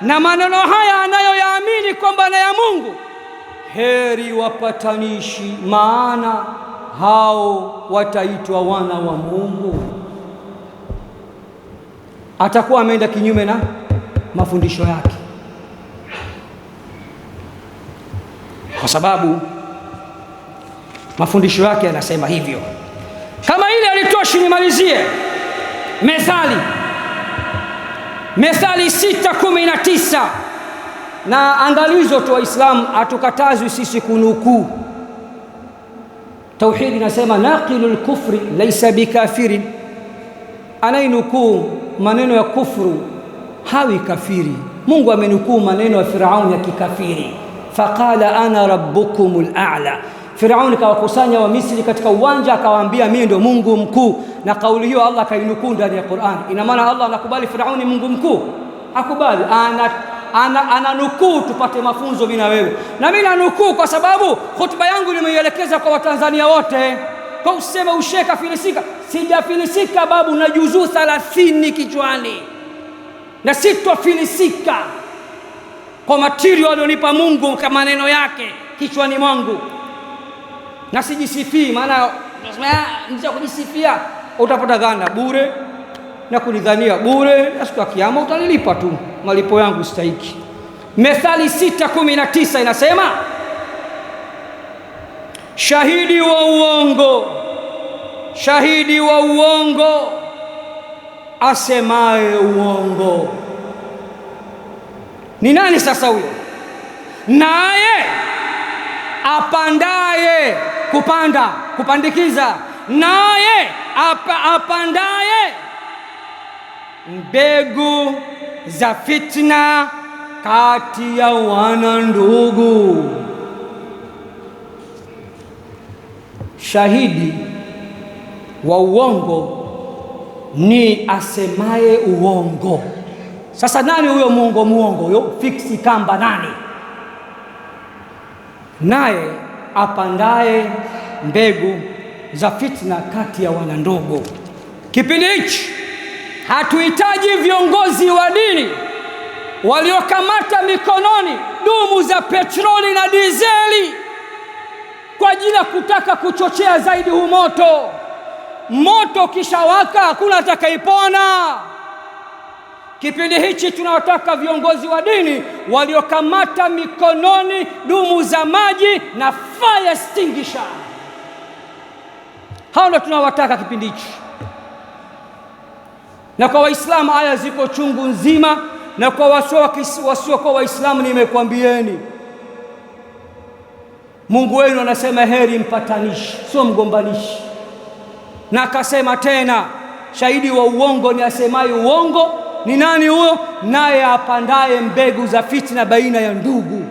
na maneno haya anayoyaamini kwamba na ya Mungu, heri wapatanishi, maana hao wataitwa wana wa Mungu. Atakuwa ameenda kinyume na mafundisho yake, kwa sababu mafundisho yake yanasema hivyo. Kama ile alitoshi, nimalizie methali Methali kumi na angalizo tu, Waislamu, hatukatazwi sisi kunukuu. Tauhidi inasema naqilu lkufri laisa bikafirin, anayenukuu maneno ya kufru hawi kafiri. Mungu amenukuu maneno ya Firauni ya kikafiri, faqala ana rabbukum lala Firauni kawakusanya Wamisri katika uwanja akawaambia, mimi ndio Mungu mkuu. Na kauli hiyo Allah kainukuu ndani ya Qur'an. Ina maana Allah anakubali Firauni Mungu mkuu? Hakubali, ana ana, ananukuu tupate mafunzo mimi na wewe, na mimi nanukuu kwa sababu hotuba yangu nimeielekeza kwa Watanzania wote. Kwa useme usheka filisika, sijafilisika babu, na juzuu thalathini kichwani na sitofilisika kwa matirio alionipa Mungu maneno yake kichwani mwangu na sijisifii, maana mja ah, kujisifia utapata dhana bure na kunidhania bure, na siku ya Kiyama utanilipa tu malipo yangu stahiki. Methali sita kumi na tisa inasema shahidi wa uongo, shahidi wa uongo asemaye uongo ni nani? Sasa huyo naye apandaye kupanda kupandikiza, naye ap, apandaye mbegu za fitna kati ya wana ndugu. Shahidi wa uongo ni asemaye uongo. Sasa nani huyo muongo? Muongo huyo fiksi kamba nani? naye apandaye mbegu za fitna kati ya wanandugu. Kipindi hichi hatuhitaji viongozi wa dini waliokamata mikononi dumu za petroli na dizeli kwa ajili ya kutaka kuchochea zaidi huu moto. Moto ukishawaka hakuna atakayepona. Kipindi hichi tunawataka viongozi wa dini waliokamata mikononi dumu za maji na fire extinguisher. Hao ndio tunawataka kipindi hichi. Na kwa Waislamu aya ziko chungu nzima, na kwa kwa Waislamu nimekwambieni, Mungu wenu anasema heri mpatanishi, sio mgombanishi. Na akasema tena, shahidi wa uongo ni asemaye uongo ni nani huyo? Naye apandaye mbegu za fitina baina ya ndugu,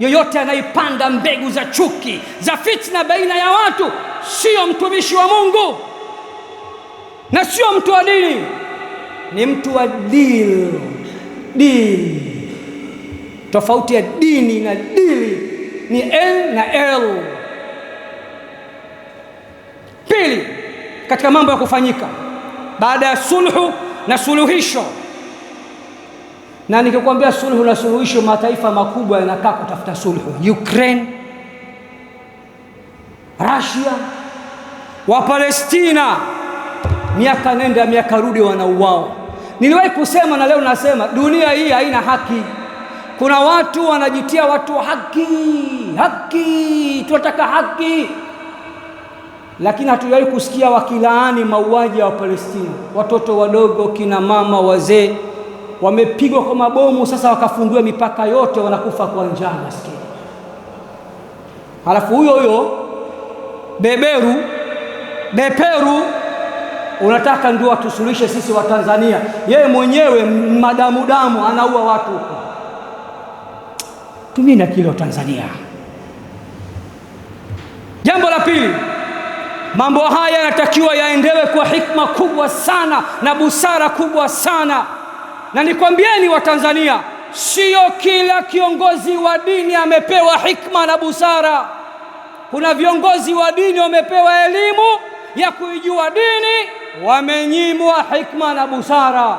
yoyote anayepanda mbegu za chuki za fitina baina ya watu, sio mtumishi wa Mungu na sio mtu wa dini, ni mtu wa dil dili. Tofauti ya dini na dili ni l na l. Pili, katika mambo ya kufanyika baada ya sulhu na suluhisho na nikikwambia sulhu na suluhisho, mataifa makubwa yanakaa kutafuta sulhu Ukraine, Russia, Wapalestina miaka nenda miaka rudi wanauao. Niliwahi kusema na leo nasema, dunia hii haina haki. Kuna watu wanajitia watu wa haki, haki, tunataka haki, lakini hatujawahi kusikia wakilaani mauaji ya Wapalestina, watoto wadogo, kina mama, wazee wamepigwa kwa mabomu, sasa wakafungiwa mipaka yote, wanakufa kwa njaa maskini. Halafu huyo huyo beberu beperu unataka ndio watusuluhishe sisi wa Tanzania. Yeye mwenyewe madamudamu anaua watu huko. Tumie kilo Tanzania. Jambo la pili, mambo haya yanatakiwa yaendewe kwa hikma kubwa sana na busara kubwa sana. Na nikwambieni Watanzania, siyo kila kiongozi wa dini amepewa hikma na busara. Kuna viongozi wa dini wamepewa elimu ya kuijua dini, wamenyimwa hikma na busara.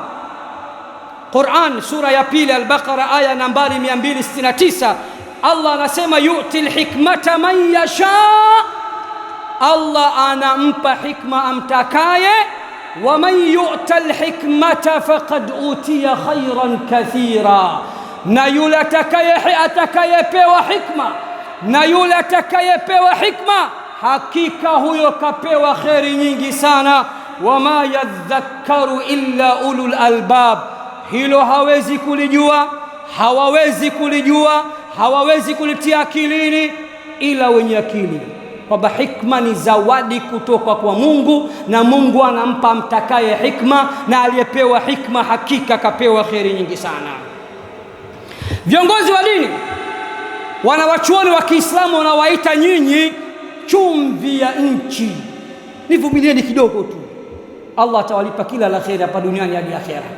Quran sura ya pili Al-Baqara aya nambari 269 Allah anasema yuti lhikmata man yasha, Allah anampa hikma amtakaye waman yuta lhikmata faqad utiya khairan kathira, na yule atakayepewa hikma, na yule atakayepewa hikma hakika huyo kapewa kheri nyingi sana. Wama yadhakkaru illa ulul albab, hilo hawezi kulijua, hawawezi kulijua, hawawezi kulitia akilini ila wenye akili kwamba hikma ni zawadi kutoka kwa Mungu, na Mungu anampa mtakaye hikma, na aliyepewa hikma hakika kapewa kheri nyingi sana. Viongozi wa dini, wanawachuoni wa Kiislamu wanawaita nyinyi chumvi ya nchi. Nivumilieni kidogo tu, Allah atawalipa kila la kheri hapa duniani hadi akhera.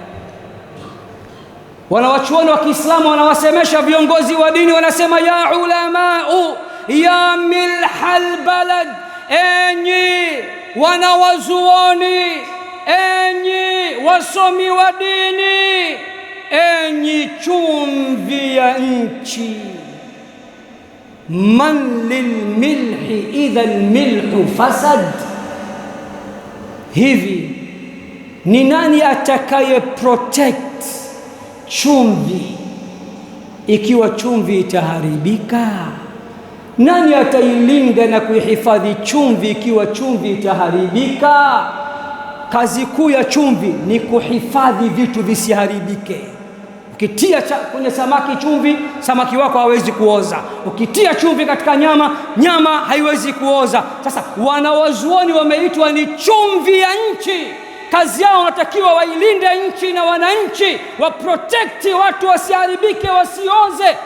Wanawachuoni wa Kiislamu wanawasemesha viongozi wa dini, wanasema ya ulamau ya milhal balad, enyi wanawazuoni, enyi wasomi wa dini, enyi chumvi ya nchi. Man lilmilhi idha lmilhu fasad, hivi ni nani atakaye protect chumvi ikiwa chumvi itaharibika? Nani atailinda na kuihifadhi chumvi ikiwa chumvi itaharibika? Kazi kuu ya chumvi ni kuhifadhi vitu visiharibike. Ukitia kwenye samaki chumvi, samaki wako hawezi kuoza. Ukitia chumvi katika nyama, nyama haiwezi kuoza. Sasa wanawazuoni wameitwa ni chumvi ya nchi. Kazi yao wanatakiwa wailinde nchi na wananchi, waprotekti watu wasiharibike, wasioze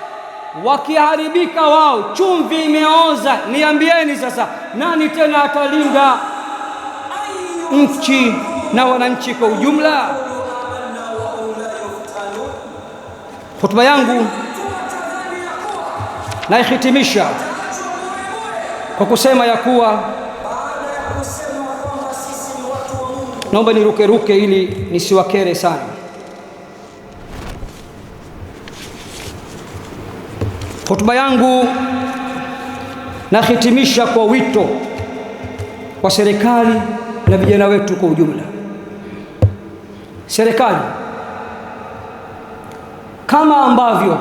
wakiharibika wao, chumvi imeoza, niambieni sasa, nani tena atalinda nchi na wananchi kwa ujumla? Hotuba yangu naihitimisha kwa kusema ya kuwa naomba nirukeruke ili nisiwakere sana. Hotuba yangu nahitimisha kwa wito kwa serikali na vijana wetu kwa ujumla. Serikali kama ambavyo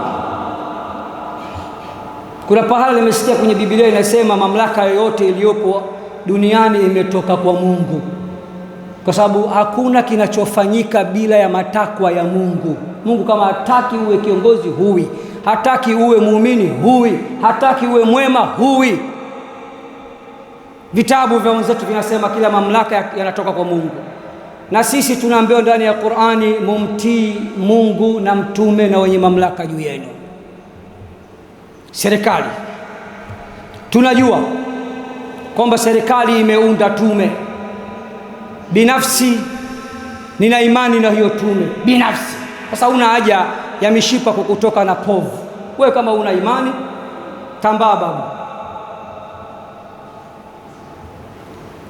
kuna pahala nimesikia kwenye Biblia inasema mamlaka yoyote iliyopo duniani imetoka kwa Mungu kwa sababu hakuna kinachofanyika bila ya matakwa ya Mungu. Mungu kama hataki uwe kiongozi, huwi. Hataki uwe muumini, huwi. Hataki uwe mwema, huwi. Vitabu vya wenzetu vinasema kila mamlaka yanatoka kwa Mungu, na sisi tunaambiwa ndani ya Qur'ani, mumtii Mungu na mtume na wenye mamlaka juu yenu. Serikali tunajua kwamba serikali imeunda tume Binafsi nina imani na hiyo tume binafsi, sasa una haja ya mishipa kukutoka na povu. Wewe kama una imani tambaa baba,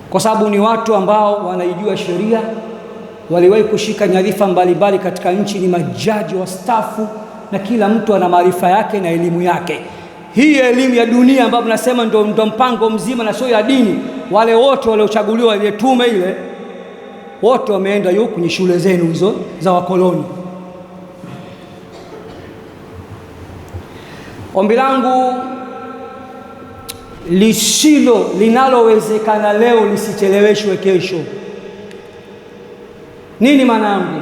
kwa sababu ni watu ambao wanaijua sheria, waliwahi kushika nyadhifa mbalimbali katika nchi, ni majaji wastaafu, na kila mtu ana maarifa yake na elimu yake. Hii elimu ya dunia ambayo tunasema ndo, mpango mzima na sio ya dini, wale wote waliochaguliwa ile tume ile wote wameenda yu kwenye shule zenu hizo za wakoloni. Ombi langu lisilo linalowezekana leo lisicheleweshwe kesho. Nini maana yangu?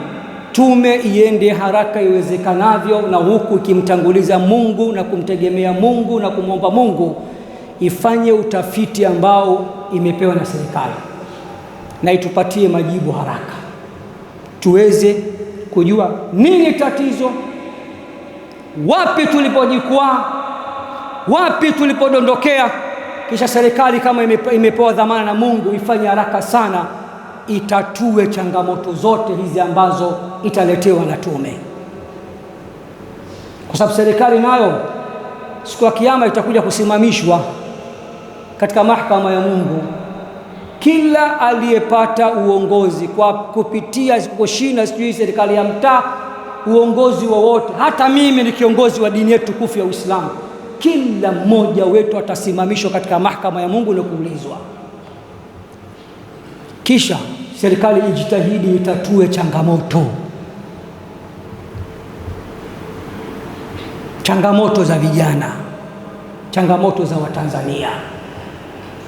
Tume iende haraka iwezekanavyo, na huku ikimtanguliza Mungu na kumtegemea Mungu na kumwomba Mungu, ifanye utafiti ambao imepewa na serikali na itupatie majibu haraka, tuweze kujua nini tatizo, wapi tulipojikwaa, wapi tulipodondokea. Kisha serikali kama imepewa dhamana na Mungu ifanye haraka sana, itatue changamoto zote hizi ambazo italetewa na tume, kwa sababu serikali nayo siku ya Kiyama itakuja kusimamishwa katika mahakama ya Mungu kila aliyepata uongozi kwa kupitia kushina sijui serikali ya mtaa, uongozi wowote, hata mimi ni kiongozi wa dini yetu tukufu ya Uislamu, kila mmoja wetu atasimamishwa katika mahakama ya Mungu na kuulizwa. Kisha serikali ijitahidi itatue changamoto changamoto za vijana, changamoto za Watanzania.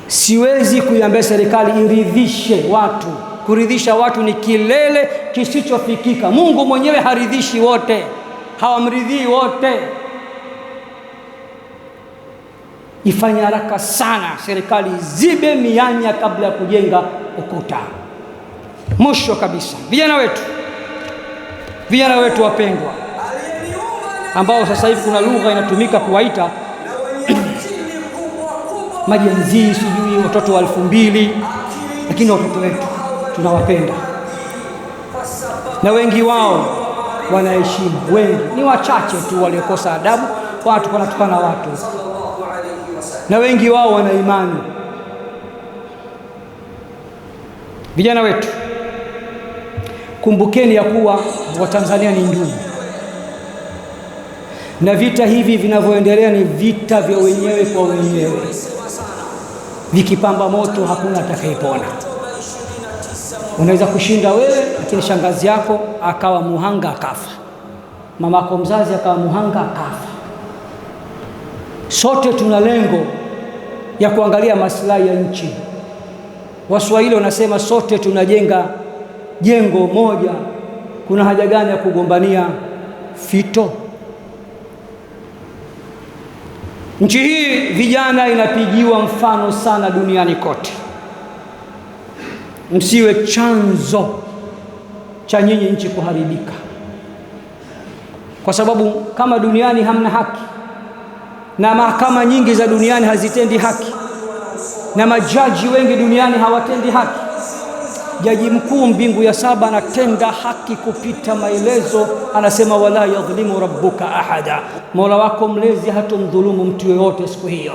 Siwezi kuiambia serikali iridhishe watu. Kuridhisha watu ni kilele kisichofikika. Mungu mwenyewe haridhishi wote, hawamridhii wote. Ifanye haraka sana serikali zibe mianya kabla ya kujenga ukuta. Mwisho kabisa, vijana wetu, vijana wetu wapendwa, ambao sasa hivi kuna lugha inatumika kuwaita majenzii, sijui watoto wa elfu mbili, lakini watoto wetu tunawapenda na wengi wao wanaheshimu, Wengi ni wachache tu waliokosa adabu, watu wanatukana watu, na wengi wao wana imani. Vijana wetu, kumbukeni ya kuwa Watanzania ni ndugu, na vita hivi vinavyoendelea ni vita vya wenyewe kwa wenyewe vikipamba moto hakuna atakayepona. Unaweza kushinda wewe, lakini shangazi yako akawa muhanga akafa, mamako mzazi akawa muhanga akafa. Sote tuna lengo ya kuangalia maslahi ya nchi. Waswahili wanasema sote tunajenga jengo moja, kuna haja gani ya kugombania fito? Nchi hii vijana inapigiwa mfano sana duniani kote. Msiwe chanzo cha nyinyi nchi kuharibika, kwa sababu kama duniani hamna haki na mahakama nyingi za duniani hazitendi haki na majaji wengi duniani hawatendi haki Jaji mkuu mbingu ya saba anatenda haki kupita maelezo, anasema wala yadhlimu rabbuka ahada, mola wako mlezi hatomdhulumu mtu yoyote siku hiyo.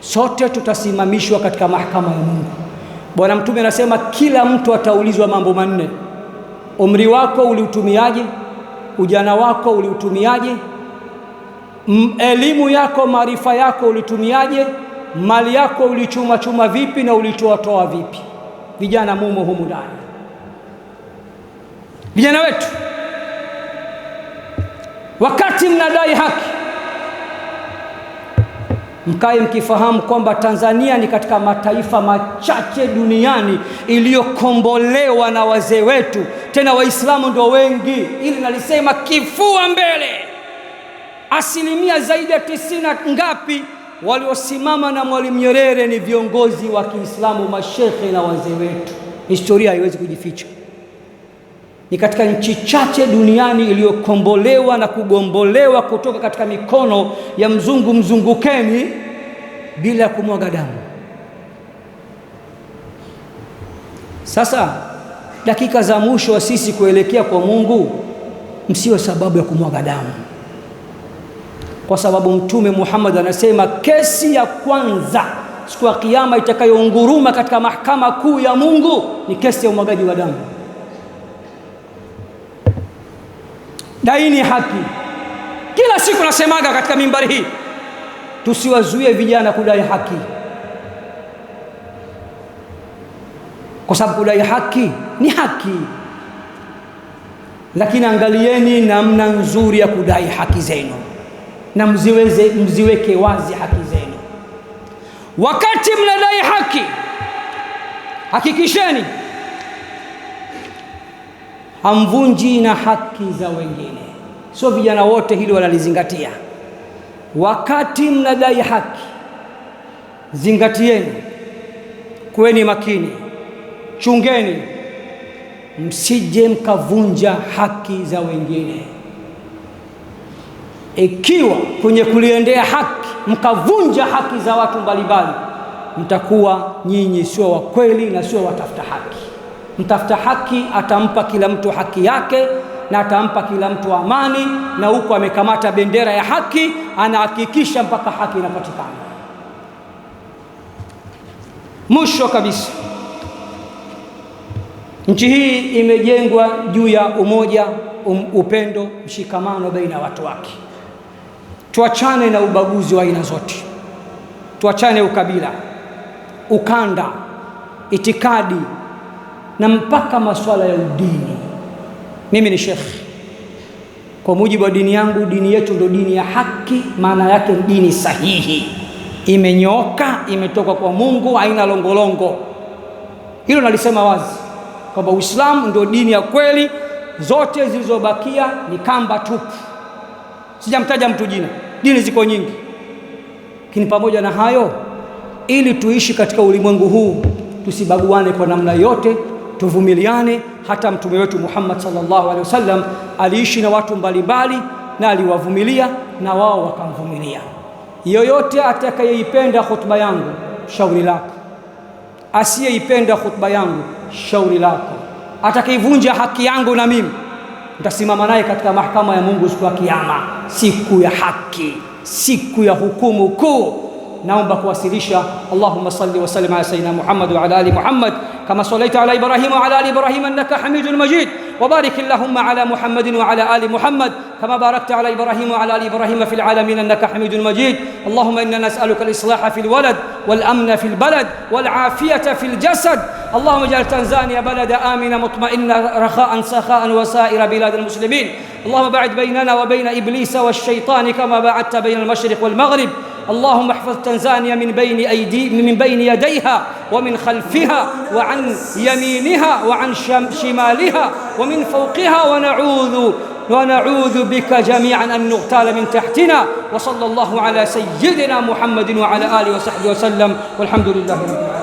Sote tutasimamishwa katika mahakama ya Mungu. Bwana Mtume anasema kila mtu ataulizwa mambo manne: umri wako uliutumiaje? Ujana wako uliutumiaje? Elimu yako, maarifa yako ulitumiaje? Mali yako ulichuma chuma vipi na ulitoatoa vipi? vijana mumo humu ndani. Vijana wetu, wakati mnadai haki, mkae mkifahamu kwamba Tanzania ni katika mataifa machache duniani iliyokombolewa na wazee wetu, tena Waislamu ndio wengi. Ili nalisema kifua mbele, asilimia zaidi ya tisini ngapi waliosimama na Mwalimu Nyerere ni viongozi wa Kiislamu, mashekhe na wazee wetu. Historia haiwezi kujificha. Ni katika nchi chache duniani iliyokombolewa na kugombolewa kutoka katika mikono ya mzungu mzungukeni bila ya kumwaga damu. Sasa dakika za mwisho wa sisi kuelekea kwa Mungu, msiwe sababu ya kumwaga damu kwa sababu Mtume Muhammad anasema kesi ya kwanza siku ya Kiyama itakayounguruma katika mahakama kuu ya Mungu ni kesi ya umwagaji wa damu. Daini ni haki. Kila siku nasemaga katika mimbari hii, tusiwazuie vijana kudai haki, kwa sababu kudai haki ni haki, lakini angalieni namna nzuri ya kudai haki zenu na mziweze, mziweke wazi haki zenu. Wakati mnadai haki, hakikisheni hamvunji na haki za wengine. Sio vijana wote hili wanalizingatia. Wakati mnadai haki, zingatieni, kuweni makini, chungeni, msije mkavunja haki za wengine ikiwa kwenye kuliendea haki mkavunja haki za watu mbalimbali, mtakuwa nyinyi sio wa kweli na sio watafuta haki. Mtafuta haki atampa kila mtu haki yake na atampa kila mtu amani, na huko amekamata bendera ya haki, anahakikisha mpaka haki inapatikana. Mwisho kabisa, nchi hii imejengwa juu ya umoja, um, upendo, mshikamano baina ya watu wake. Tuachane na ubaguzi wa aina zote, tuachane ukabila, ukanda, itikadi na mpaka masuala ya udini. Mimi ni Sheikh kwa mujibu wa dini yangu. Dini yetu ndio dini ya haki, maana yake dini sahihi, imenyooka, imetoka kwa Mungu, haina longolongo. Hilo nalisema wazi kwamba Uislamu ndio dini ya kweli, zote zilizobakia ni kamba tupu sijamtaja mtu jina, dini ziko nyingi. Lakini pamoja na hayo, ili tuishi katika ulimwengu huu tusibaguane kwa namna yote, tuvumiliane. Hata mtume wetu Muhammad sallallahu alaihi wasallam aliishi na watu mbalimbali na aliwavumilia na wao wakamvumilia. Yoyote atakayeipenda hotuba yangu shauri lako, asiyeipenda hotuba yangu shauri lako, atakaivunja haki yangu na mimi Utasimama naye katika mahakama ya Mungu siku ya Kiyama, siku ya haki, siku ya hukumu kuu. Naomba kuwasilisha, Allahumma salli wa sallim ala sayyidina Muhammad wa ala ali Muhammad kama sallaita ala Ibrahim wa ala ali Ibrahim innaka Hamidul Majid wa wa barik Allahumma ala Muhammad ala ali Muhammad kama barakta ala Ibrahim wa ala ali Ibrahim fil alamin innaka Hamidul Majid. Allahumma inna nas'aluka al إنا fil walad wal amna fil balad wal afiyata fil jasad اللهم اجعل تنزانيا بلد آمنا مطمئنا رخاء سخاء وسائر بلاد المسلمين اللهم بعد بيننا وبين إبليس والشيطان كما بعدت بين المشرق والمغرب اللهم احفظ تنزانيا من بين أيدي من بين يديها ومن خلفها وعن يمينها وعن شمالها ومن فوقها ونعوذ ونعوذ بك جميعا أن نغتال من تحتنا وصلى الله على سيدنا محمد وعلى آله وصحبه وسلم والحمد لله رب العالمين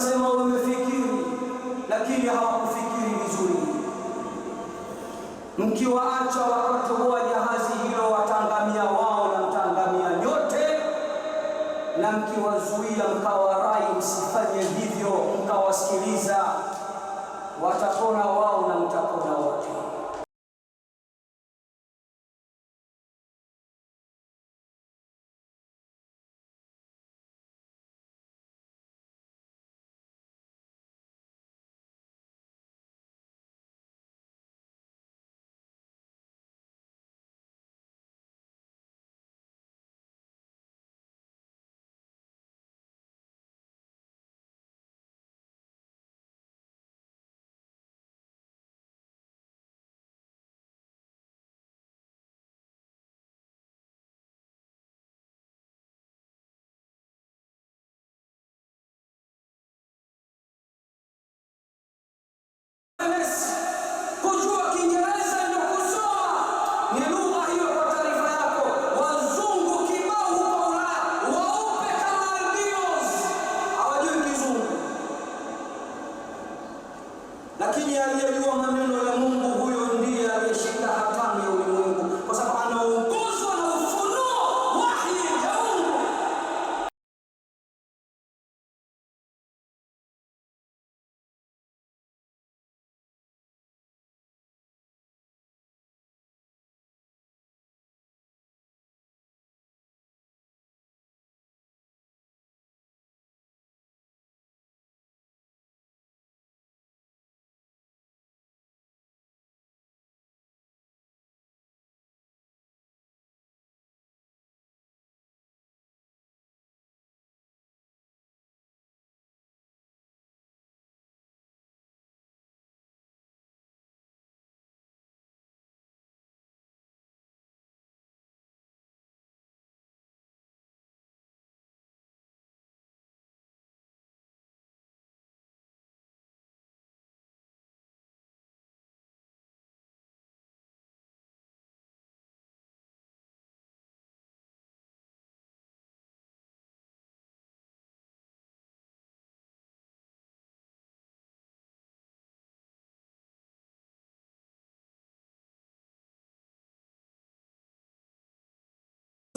Sema wamefikiri lakini hawakufikiri vizuri. Mkiwaacha wakatoboa jahazi hilo, watangamia wao na mtangamia nyote, na mkiwazuia mkawarai msifanye hivyo, mkawasikiliza, watakona wao na mtakona wao.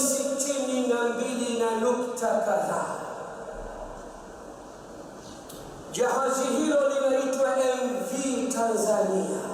sitini na mbili na nukta kadhaa. Jahazi hilo linaitwa MV Tanzania.